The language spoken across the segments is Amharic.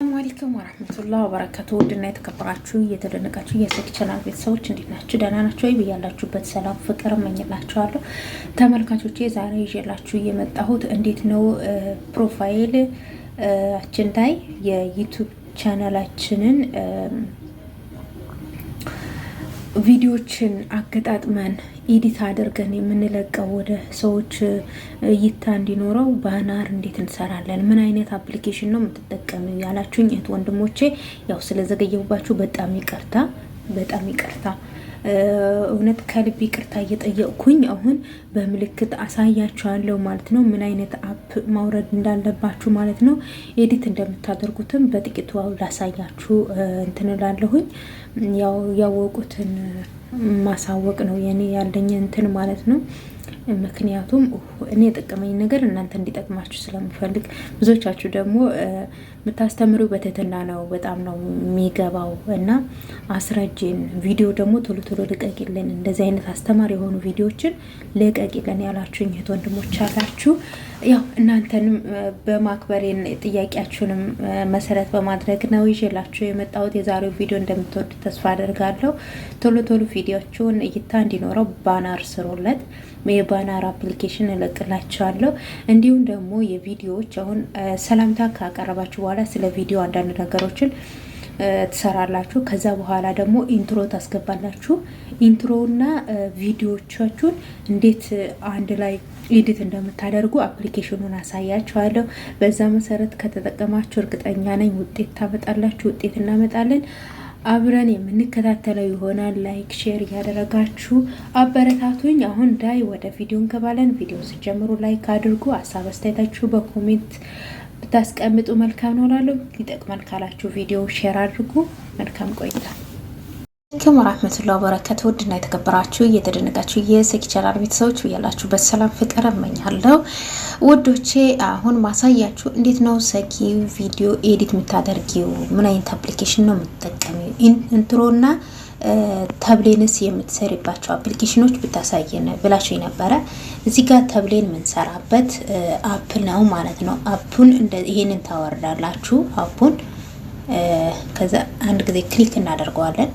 ሰላም አለይኩም ወራህመቱላህ ወበረከቱ። ውድና የተከበራችሁ እየተደነቃችሁ የዚህ ቻናል ቤተሰቦች እንዴት ናችሁ? ደህና ናችሁ ወይ? ብያላችሁበት ሰላም ፍቅር እመኝላችኋለሁ ተመልካቾቼ። ዛሬ ይዤላችሁ የመጣሁት እንዴት ነው ፕሮፋይል አችን ላይ የዩቱብ ቻናላችንን ቪዲዮችን አገጣጥመን ኢዲት አድርገን የምንለቀው ወደ ሰዎች እይታ እንዲኖረው ባናር እንዴት እንሰራለን? ምን አይነት አፕሊኬሽን ነው የምትጠቀሚው? ያላችሁኝ እህት ወንድሞቼ፣ ያው ስለዘገየሁባችሁ በጣም ይቅርታ፣ በጣም ይቅርታ። እውነት ከልብ ይቅርታ እየጠየቅኩኝ አሁን በምልክት አሳያችኋለሁ ማለት ነው፣ ምን አይነት አፕ ማውረድ እንዳለባችሁ ማለት ነው። ኤዲት እንደምታደርጉትም በጥቂቱ ላሳያችሁ እንትንላለሁኝ ያው ያወቁትን ማሳወቅ ነው የኔ ያለኝ እንትን ማለት ነው። ምክንያቱም እኔ የጠቀመኝ ነገር እናንተ እንዲጠቅማችሁ ስለምፈልግ፣ ብዙዎቻችሁ ደግሞ የምታስተምሪው በትህትና ነው፣ በጣም ነው የሚገባው እና አስረጅን ቪዲዮ ደግሞ ቶሎ ቶሎ ልቀቂልን፣ እንደዚህ አይነት አስተማሪ የሆኑ ቪዲዮዎችን ልቀቂልን ያላችሁኝ እህት ወንድሞች አላችሁ። ያው እናንተንም በማክበሬን ጥያቄያችሁንም መሰረት በማድረግ ነው ይዤላችሁ የመጣሁት። የዛሬው ቪዲዮ እንደምትወዱ ተስፋ አደርጋለሁ። ቶሎ ቶሎ ቪዲዮችሁን እይታ እንዲኖረው ባናር ስሩለት። ባነር አፕሊኬሽን እለቅላችኋለሁ። እንዲሁም ደግሞ የቪዲዮዎች አሁን ሰላምታ ካቀረባችሁ በኋላ ስለ ቪዲዮ አንዳንድ ነገሮችን ትሰራላችሁ። ከዛ በኋላ ደግሞ ኢንትሮ ታስገባላችሁ። ኢንትሮና ቪዲዮዎቻችሁን እንዴት አንድ ላይ ኤዲት እንደምታደርጉ አፕሊኬሽኑን አሳያችኋለሁ። በዛ መሰረት ከተጠቀማችሁ እርግጠኛ ነኝ ውጤት ታመጣላችሁ። ውጤት እናመጣለን። አብረን የምንከታተለው ይሆናል። ላይክ ሼር እያደረጋችሁ አበረታቱኝ። አሁን ዳይ ወደ ቪዲዮ እንገባለን። ቪዲዮ ስጀምሩ ላይክ አድርጉ። ሀሳብ አስተያየታችሁ በኮሜንት ብታስቀምጡ መልካም ነው እላለሁ። ካላችሁ ቪዲዮ ሼር አድርጉ። መልካም ቆይታ። ሰላም ወራህመቱላሂ ወበረካቱ። ውድና የተከበራችሁ እየተደነቃችሁ የሰኪ ቻናል ቤተሰቦች ያላችሁበት ሰላም ፍቅር እመኛለሁ። ውዶቼ አሁን ማሳያችሁ እንዴት ነው ሰኪ ቪዲዮ ኤዲት የምታደርጊው ምን አይነት አፕሊኬሽን ነው የምትጠቀ ኢንትሮና ተብሌንስ የምትሰሪባቸው አፕሊኬሽኖች ብታሳየን ብላቸው ነበረ። እዚህ ጋር ተብሌን የምንሰራበት አፕ ነው ማለት ነው። አፑን ይሄንን ታወርዳላችሁ። አፑን ከዛ አንድ ጊዜ ክሊክ እናደርገዋለን።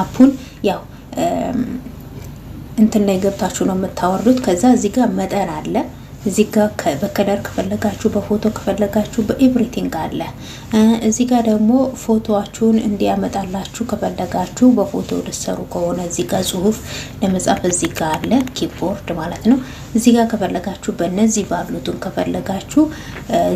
አፑን ያው እንትን ላይ ገብታችሁ ነው የምታወርዱት። ከዛ እዚህ ጋር መጠን አለ እዚህ ጋር በከለር ከፈለጋችሁ በፎቶ ከፈለጋችሁ በኤቭሪቲንግ አለ። እዚህ ጋር ደግሞ ፎቶዋችሁን እንዲያመጣላችሁ ከፈለጋችሁ በፎቶ ልሰሩ ከሆነ እዚህ ጋር ጽሁፍ ለመጻፍ እዚህ ጋር አለ፣ ኪቦርድ ማለት ነው። እዚህ ጋር ከፈለጋችሁ በእነዚህ ባሉትን ከፈለጋችሁ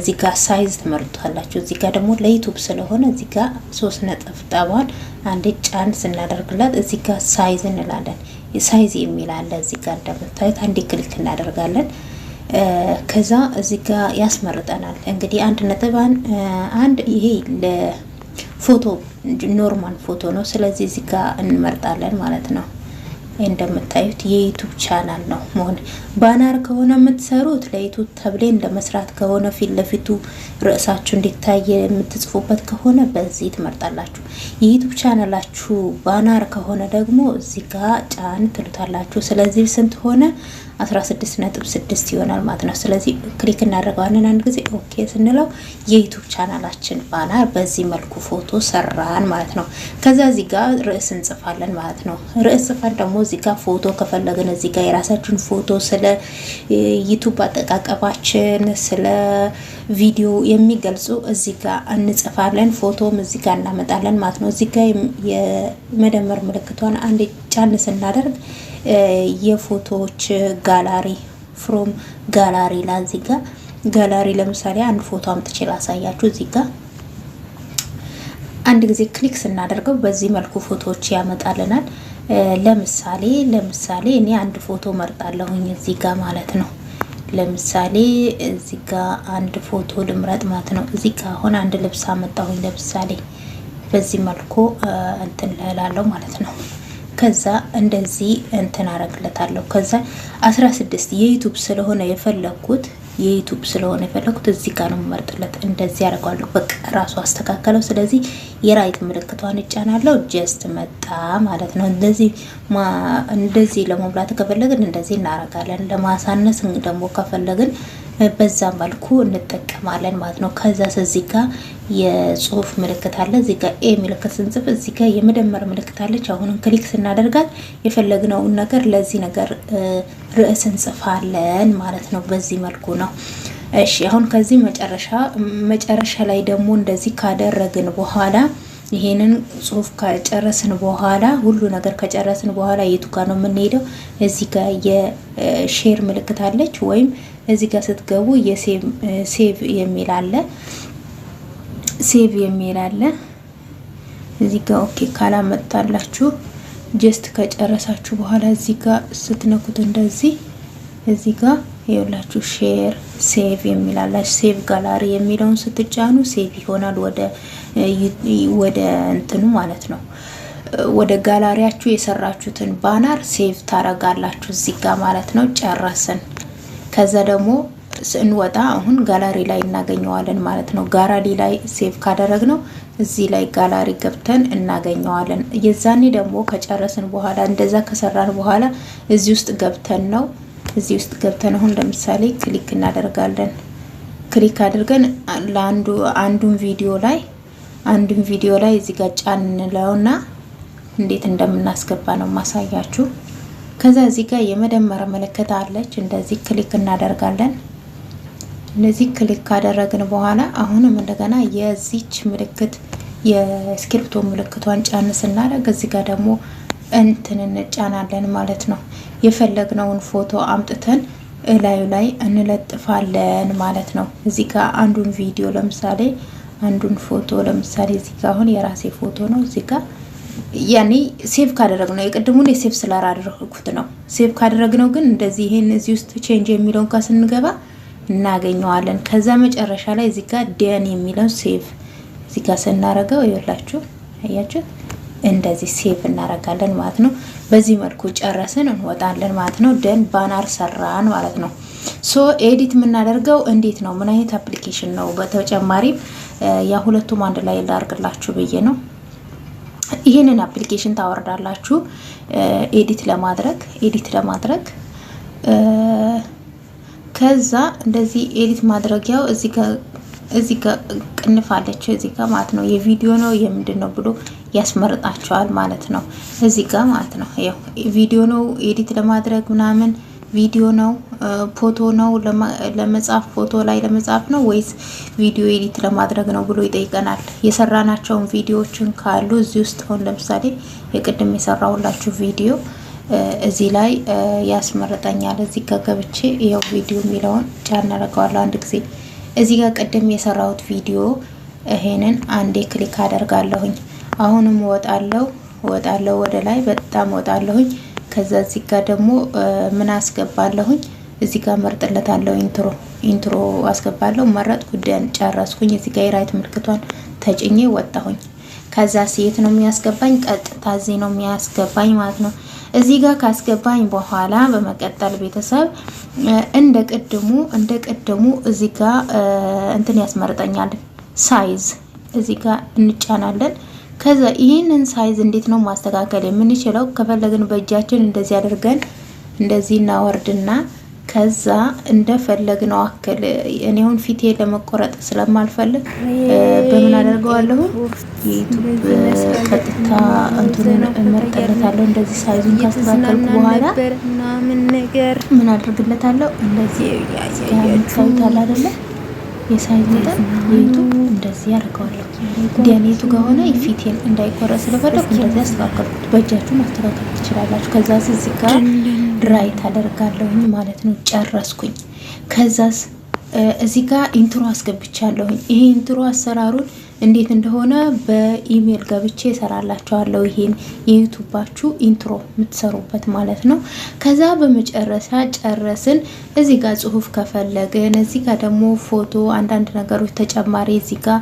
እዚህ ጋር ሳይዝ ትመርጡታላችሁ። እዚህ ጋር ደግሞ ለዩቱብ ስለሆነ እዚህ ጋር ሶስት ነጠብጣቧን አንድ ጫን ስናደርግላት እዚህ ጋር ሳይዝ እንላለን። ሳይዝ የሚል አለ እዚህ ጋር እንደምታዩት አንድ ክሊክ እናደርጋለን። ከዛ እዚህ ጋ ያስመርጠናል። እንግዲህ አንድ ነጥብ አንድ ይሄ ለፎቶ ኖርማል ፎቶ ነው። ስለዚህ እዚ ጋ እንመርጣለን ማለት ነው። እንደምታዩት የዩቱብ ቻናል ነው መሆን። ባናር ከሆነ የምትሰሩት ለዩቱብ ተብሌ እንደመስራት ከሆነ ፊት ለፊቱ ርዕሳችሁ እንዲታይ የምትጽፉበት ከሆነ በዚህ ትመርጣላችሁ። የዩቱብ ቻናላችሁ ባናር ከሆነ ደግሞ እዚህ ጋር ጫን ትሉታላችሁ። ስለዚህ ስንት ሆነ? 16.6 ይሆናል ማለት ነው። ስለዚህ ክሊክ እናደርገዋለን አንድ ጊዜ ኦኬ ስንለው የዩቱብ ቻናላችን ባናር በዚህ መልኩ ፎቶ ሰራን ማለት ነው። ከዛ እዚህ ጋር ርዕስ እንጽፋለን ማለት ነው። ርዕስ ጽፋን ደግሞ እዚህ ጋር ፎቶ ከፈለግን እዚህ ጋር የራሳችን ፎቶ ስለ ዩቱብ አጠቃቀማችን፣ ስለ ቪዲዮ የሚገልጹ እዚህ ጋር እንጽፋለን። ፎቶም እዚህ ጋር እናመጣለን ማለት ነው። እዚህ ጋር የመደመር ምልክቷን አንድ ጫን ስናደርግ የፎቶዎች ጋላሪ ፍሮም ጋላሪ ላ እዚህ ጋላሪ ለምሳሌ አንድ ፎቶ አምጥቼ ላሳያችሁ። እዚህ አንድ ጊዜ ክሊክ ስናደርገው በዚህ መልኩ ፎቶዎች ያመጣልናል። ለምሳሌ ለምሳሌ እኔ አንድ ፎቶ መርጣለሁኝ እዚህ ማለት ነው። ለምሳሌ እዚህ አንድ ፎቶ ልምረጥ ማለት ነው። እዚህ አሁን አንድ ልብስ አመጣሁኝ። ለምሳሌ በዚህ መልኩ እንትን እላለሁ ማለት ነው። ከዛ እንደዚህ እንትን አረግለታለሁ። ከዛ 16 የዩቱብ ስለሆነ የፈለግኩት የዩቱብ ስለሆነ የፈለግኩት እዚህ ጋር ነው መርጥለት። እንደዚህ ያደርገዋለሁ። በቃ ራሱ አስተካከለው። ስለዚህ የራይት ምልክቷን እጫናለሁ። ጀስት መጣ ማለት ነው። እንደዚህ እንደዚህ ለመሙላት ከፈለግን እንደዚህ እናረጋለን። ለማሳነስ ደግሞ ከፈለግን በዛ መልኩ እንጠቀማለን ማለት ነው። ከዛ እዚህ ጋር የጽሁፍ ምልክት አለ። እዚህ ጋር ኤ ምልክት ስንጽፍ እዚህ ጋር የመደመር ምልክት አለች። አሁንም ክሊክ ስናደርጋት የፈለግነውን ነገር ለዚህ ነገር ርዕስ እንጽፋለን ማለት ነው። በዚህ መልኩ ነው እሺ አሁን ከዚህ መጨረሻ መጨረሻ ላይ ደግሞ እንደዚህ ካደረግን በኋላ ይሄንን ጽሁፍ ከጨረስን በኋላ ሁሉ ነገር ከጨረስን በኋላ የቱ ጋር ነው የምንሄደው? እዚህ ጋር የሼር ምልክት አለች፣ ወይም እዚህ ጋር ስትገቡ የሴቭ የሚል አለ። ሴቭ የሚል አለ እዚህ ጋር ኦኬ ካላመጣላችሁ ጀስት ከጨረሳችሁ በኋላ እዚህ ጋር ስትነኩት እንደዚህ እዚህ ጋር የሁላችሁ ሼር ሴቭ የሚላላች ሴቭ ጋላሪ የሚለውን ስትጫኑ ሴቭ ይሆናል ወደ ወደ እንትኑ ማለት ነው። ወደ ጋላሪያችሁ የሰራችሁትን ባናር ሴቭ ታረጋላችሁ እዚህ ጋር ማለት ነው። ጨረስን። ከዛ ደግሞ ስንወጣ አሁን ጋላሪ ላይ እናገኘዋለን ማለት ነው። ጋራዲ ላይ ሴቭ ካደረግ ነው እዚህ ላይ ጋላሪ ገብተን እናገኘዋለን። የዛኔ ደግሞ ከጨረስን በኋላ እንደዛ ከሰራን በኋላ እዚህ ውስጥ ገብተን ነው እዚህ ውስጥ ገብተን አሁን ለምሳሌ ክሊክ እናደርጋለን። ክሊክ አድርገን ለአንዱ አንዱን ቪዲዮ ላይ አንዱን ቪዲዮ ላይ እዚህ ጋር ጫን እንለውና እንዴት እንደምናስገባ ነው ማሳያችሁ። ከዛ እዚህ ጋር የመደመር ምልክት አለች። እንደዚህ ክሊክ እናደርጋለን። እንደዚህ ክሊክ ካደረግን በኋላ አሁንም እንደገና የዚች ምልክት የእስክሪፕቶ ምልክቷን ጫን ስናደርግ እዚህ ጋር ደግሞ እንትን እንጫናለን ማለት ነው። የፈለግነውን ፎቶ አምጥተን እላዩ ላይ እንለጥፋለን ማለት ነው። እዚህ ጋር አንዱን ቪዲዮ ለምሳሌ አንዱን ፎቶ ለምሳሌ እዚህ ጋር አሁን የራሴ ፎቶ ነው። እዚህ ጋር ያኔ ሴቭ ካደረግ ነው የቅድሙን የሴቭ ስላላደረግኩት ነው። ሴቭ ካደረግ ነው ግን እንደዚህ ይህን እዚህ ውስጥ ቼንጅ የሚለውን ጋር ስንገባ እናገኘዋለን። ከዛ መጨረሻ ላይ እዚህ ጋር ደን የሚለው ሴቭ እዚህ ጋር ስናረገው ይላችሁ አያችሁ እንደዚህ ሴቭ እናደርጋለን ማለት ነው። በዚህ መልኩ ጨረስን እንወጣለን ማለት ነው። ደን ባናር ሰራን ማለት ነው። ሶ ኤዲት የምናደርገው እንዴት ነው? ምን አይነት አፕሊኬሽን ነው? በተጨማሪም የሁለቱም አንድ ላይ ላርግላችሁ ብዬ ነው። ይህንን አፕሊኬሽን ታወርዳላችሁ ኤዲት ለማድረግ ኤዲት ለማድረግ ከዛ እንደዚህ ኤዲት ማድረጊያው እዚህ ጋር ቅንፋለች እዚህ ጋር ማለት ነው የቪዲዮ ነው የምንድን ነው ብሎ ያስመርጣቸዋል ማለት ነው። እዚህ ጋር ማለት ነው። ያው ቪዲዮ ነው ኤዲት ለማድረግ ምናምን ቪዲዮ ነው ፎቶ ነው ለመጻፍ ፎቶ ላይ ለመጻፍ ነው ወይስ ቪዲዮ ኤዲት ለማድረግ ነው ብሎ ይጠይቀናል። የሰራናቸውን ቪዲዮዎችን ካሉ እዚህ ውስጥ አሁን ለምሳሌ የቅድም የሰራውላችሁ ቪዲዮ እዚህ ላይ ያስመርጠኛል። እዚህ ጋር ገብቼ ያው ቪዲዮ የሚለውን ጫን አደርገዋለሁ አንድ ጊዜ። እዚህ ጋር ቅድም የሰራሁት ቪዲዮ ይሄንን አንዴ ክሊክ አደርጋለሁኝ። አሁንም ወጣለው ወጣለው ወደ ላይ በጣም ወጣለሁኝ። ከዛ እዚህ ጋር ደግሞ ምን አስገባለሁኝ? እዚህ ጋር መርጥለታለሁ። ኢንትሮ ኢንትሮ አስገባለሁ። መረጥ ጉዳይን ጨረስኩኝ። እዚህ ጋር የራይት ምልክቷን ተጭኜ ወጣሁኝ። ከዛ ሴት ነው የሚያስገባኝ፣ ቀጥታ እዚህ ነው የሚያስገባኝ ማለት ነው። እዚህ ጋር ካስገባኝ በኋላ በመቀጠል ቤተሰብ እንደ ቅድሙ እንደ ቅድሙ እዚህ ጋር እንትን ያስመርጠኛል ሳይዝ እዚህ ጋር እንጫናለን። ከዛ ይህንን ሳይዝ እንዴት ነው ማስተካከል የምንችለው? ከፈለግን በእጃችን እንደዚህ አድርገን እንደዚህ እናወርድና ከዛ እንደፈለግነው አክል እኔውን ፊቴ ለመቆረጥ ስለማልፈልግ በምን አደርገዋለሁ? የዩቱብ ቀጥታ እንትን እመርጠለታለሁ። እንደዚህ ሳይዙን ካስተካከልኩ በኋላ ምን አድርግለታለሁ? እንደዚህ ሳይታል አይደለም የሳይዙን የቱ እንደዚህ ያደርገዋለሁ። ዲያኔቱ ከሆነ ፊቴን እንዳይቆረጥ ስለፈለኩ እንደዚህ አስተካከልኩት። በእጃችሁ ማስተካከል ትችላላችሁ። ከዛ እዚህ ጋር ድራይ ታደርጋለሁኝ ማለት ነው። ጨረስኩኝ። ከዛስ እዚህ ጋር ኢንትሮ አስገብቻለሁኝ። ይሄ ኢንትሮ አሰራሩን እንዴት እንደሆነ በኢሜል ገብቼ እሰራላችኋለሁ። ይሄን የዩቱባችሁ ኢንትሮ የምትሰሩበት ማለት ነው። ከዛ በመጨረሻ ጨረስን። እዚህ ጋር ጽሁፍ ከፈለግን፣ እዚህ ጋር ደግሞ ፎቶ፣ አንዳንድ ነገሮች ተጨማሪ እዚህ ጋር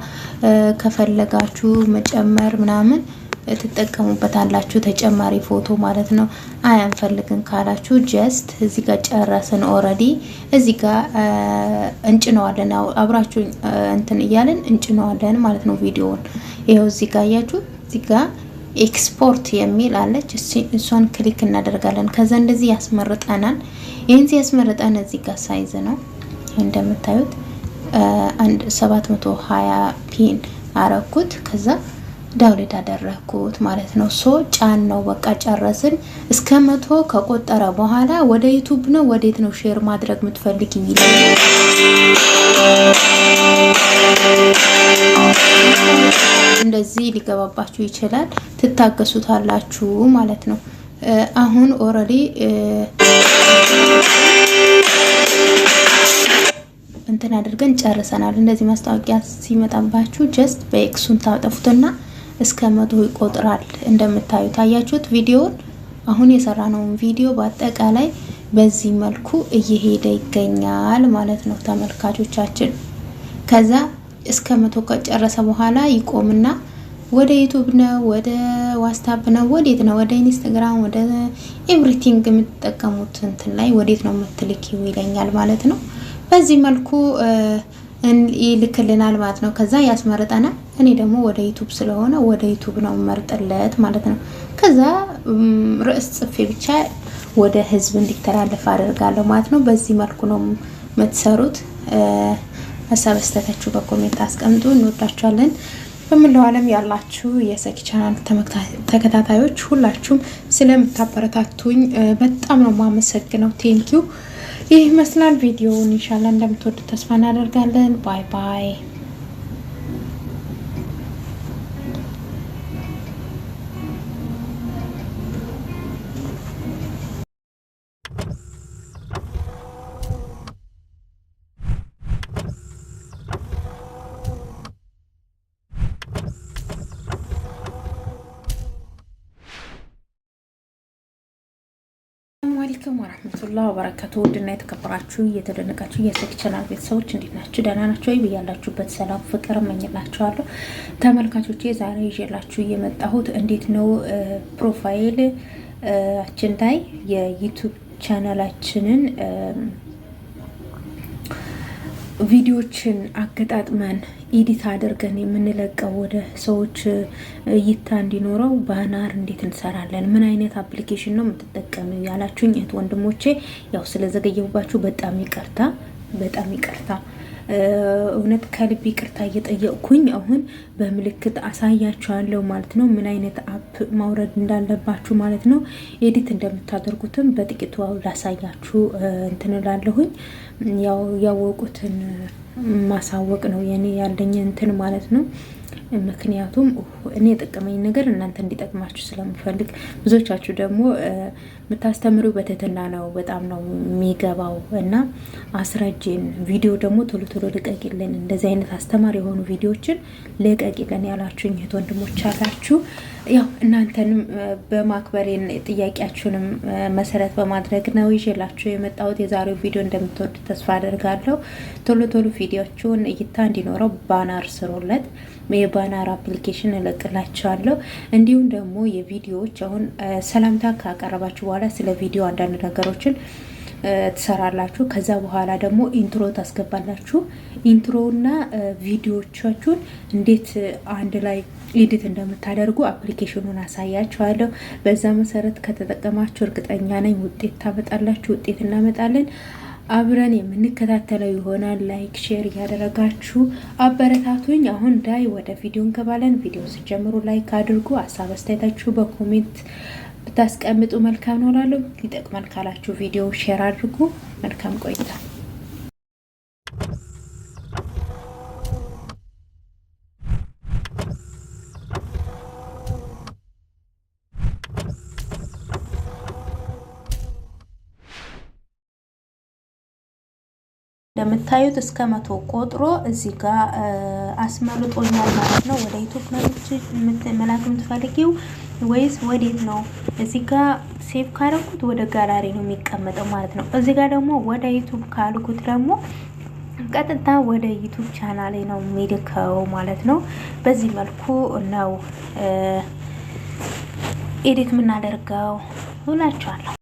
ከፈለጋችሁ መጨመር ምናምን ትጠቀሙበታላችሁ። ተጨማሪ ፎቶ ማለት ነው። አያንፈልግን ካላችሁ ጀስት እዚህ ጋር ጨረስን ኦልሬዲ እዚህ ጋር እንጭነዋለን። አብራችሁ እንትን እያለን እንጭነዋለን ማለት ነው ቪዲዮውን። ይኸው እዚህ ጋር እያችሁ እዚህ ጋር ኤክስፖርት የሚል አለች። እሷን ክሊክ እናደርጋለን። ከዛ እንደዚህ ያስመርጠናል። ይህን ያስመርጠን እዚህ ጋር ሳይዝ ነው እንደምታዩት 720 ፒን አረኩት ከዛ ዳውሌት አደረግኩት ማለት ነው። ሶ ጫን ነው በቃ ጨረስን። እስከ መቶ ከቆጠረ በኋላ ወደ ዩቱብ ነው ወዴት ነው ሼር ማድረግ የምትፈልግ ይላል። እንደዚህ ሊገባባችሁ ይችላል። ትታገሱታላችሁ ማለት ነው። አሁን ኦልሬዲ እንትን አድርገን ጨርሰናል። እንደዚህ ማስታወቂያ ሲመጣባችሁ ጀስት በኤክሱን ታጠፉትና እስከ መቶ ይቆጥራል። እንደምታዩት ታያችሁት ቪዲዮን አሁን የሰራነውን ቪዲዮ በአጠቃላይ በዚህ መልኩ እየሄደ ይገኛል ማለት ነው ተመልካቾቻችን። ከዛ እስከ መቶ ከጨረሰ በኋላ ይቆምና ወደ ዩቱብ ነው፣ ወደ ዋትስአፕ ነው፣ ወዴት ነው፣ ወደ ኢንስታግራም፣ ወደ ኤቭሪቲንግ የምትጠቀሙት እንትን ላይ ወዴት ነው የምትልኪው ይለኛል ማለት ነው። በዚህ መልኩ ይልክልናል ማለት ነው። ከዛ ያስመርጠናል። እኔ ደግሞ ወደ ዩቱብ ስለሆነ ወደ ዩቱብ ነው መርጥለት ማለት ነው። ከዛ ርዕስ ጽፌ ብቻ ወደ ህዝብ እንዲተላለፍ አደርጋለሁ ማለት ነው። በዚህ መልኩ ነው የምትሰሩት። ሀሳብ አስተያየታችሁ በኮሜንት አስቀምጡ። እንወዳችኋለን። በመላው ዓለም ያላችሁ የሰኪ ቻናል ተከታታዮች ሁላችሁም ስለምታበረታቱኝ በጣም ነው የማመሰግነው። ቴንኪው ይህ ይመስላል ቪዲዮውን። ኢንሻላህ እንደምትወዱ ተስፋ እናደርጋለን። ባይ ባይ። አለይኩም ወረህመቱላህ ወበረከቱ ውድና የተከበራችሁ እየተደነቃችሁ የስልክ ቻናል ቤተሰቦች እንዴት ናችሁ? ደህና ናችሁ ወይ? ብያላችሁበት ሰላም ፍቅር እመኝላችኋለሁ ተመልካቾቼ። ዛሬ ይዤላችሁ የመጣሁት እንዴት ነው ፕሮፋይል አችን ላይ የዩቱብ ቻናላችንን ቪዲዮችን አገጣጥመን ኢዲት አድርገን የምንለቀው ወደ ሰዎች እይታ እንዲኖረው ባናር እንዴት እንሰራለን? ምን አይነት አፕሊኬሽን ነው የምትጠቀሚው? ያላችሁኝ እህት ወንድሞቼ፣ ያው ስለዘገየሁባችሁ በጣም ይቅርታ፣ በጣም ይቅርታ። እውነት ከልብ ይቅርታ እየጠየቅኩኝ አሁን በምልክት አሳያችኋለሁ ማለት ነው፣ ምን አይነት አፕ ማውረድ እንዳለባችሁ ማለት ነው። ኤዲት እንደምታደርጉትም በጥቂቱ ላሳያችሁ እንትን እላለሁኝ። ያው ያወቁትን ማሳወቅ ነው የኔ ያለኝ እንትን ማለት ነው። ምክንያቱም እኔ የጠቀመኝ ነገር እናንተ እንዲጠቅማችሁ ስለምፈልግ፣ ብዙዎቻችሁ ደግሞ የምታስተምሪው በትህትና ነው፣ በጣም ነው የሚገባው እና አስረጅን ቪዲዮ ደግሞ ቶሎ ቶሎ ልቀቂልን፣ እንደዚህ አይነት አስተማሪ የሆኑ ቪዲዮዎችን ልቀቂልን ያላችሁ እህት ወንድሞች አላችሁ። ያው እናንተንም በማክበሬን ጥያቄያችሁንም መሰረት በማድረግ ነው ይዤላችሁ የመጣሁት። የዛሬው ቪዲዮ እንደምትወዱ ተስፋ አደርጋለሁ። ቶሎ ቶሎ ቪዲዮችውን እይታ እንዲኖረው ባናር ስሩለት። የባናር አፕሊኬሽን እለቅላቸዋለሁ። እንዲሁም ደግሞ የቪዲዮዎች አሁን ሰላምታ ካቀረባችሁ በኋላ ስለ ቪዲዮ አንዳንድ ነገሮችን ትሰራላችሁ። ከዛ በኋላ ደግሞ ኢንትሮ ታስገባላችሁ። ኢንትሮና ቪዲዮዎቻችሁን እንዴት አንድ ላይ ኤዲት እንደምታደርጉ አፕሊኬሽኑን አሳያችኋለሁ። በዛ መሰረት ከተጠቀማችሁ እርግጠኛ ነኝ ውጤት ታመጣላችሁ። ውጤት እናመጣለን። አብረን የምንከታተለው ይሆናል። ላይክ ሼር እያደረጋችሁ አበረታቱኝ። አሁን ዳይ ወደ ቪዲዮ እንገባለን። ቪዲዮ ስጀምሩ ላይክ አድርጉ። ሀሳብ አስተያየታችሁ በኮሜንት ብታስቀምጡ መልካም ነው እላለሁ። ይጠቅማል ካላችሁ ቪዲዮ ሼር አድርጉ። መልካም ቆይታ እንደምታዩት እስከ መቶ ቆጥሮ እዚህ ጋር አስመርጦኛል ማለት ነው። ወደ ዩቱብ መላክ የምትፈልጊው ወይስ ወዴት ነው? እዚህ ጋር ሴቭ ካረኩት ወደ ጋላሪ ነው የሚቀመጠው ማለት ነው። እዚህ ጋር ደግሞ ወደ ዩቱብ ካልኩት ደግሞ ቀጥታ ወደ ዩቱብ ቻናሌ ነው የሚልከው ማለት ነው። በዚህ መልኩ ነው ኤዲት የምናደርገው ሁላችኋለሁ።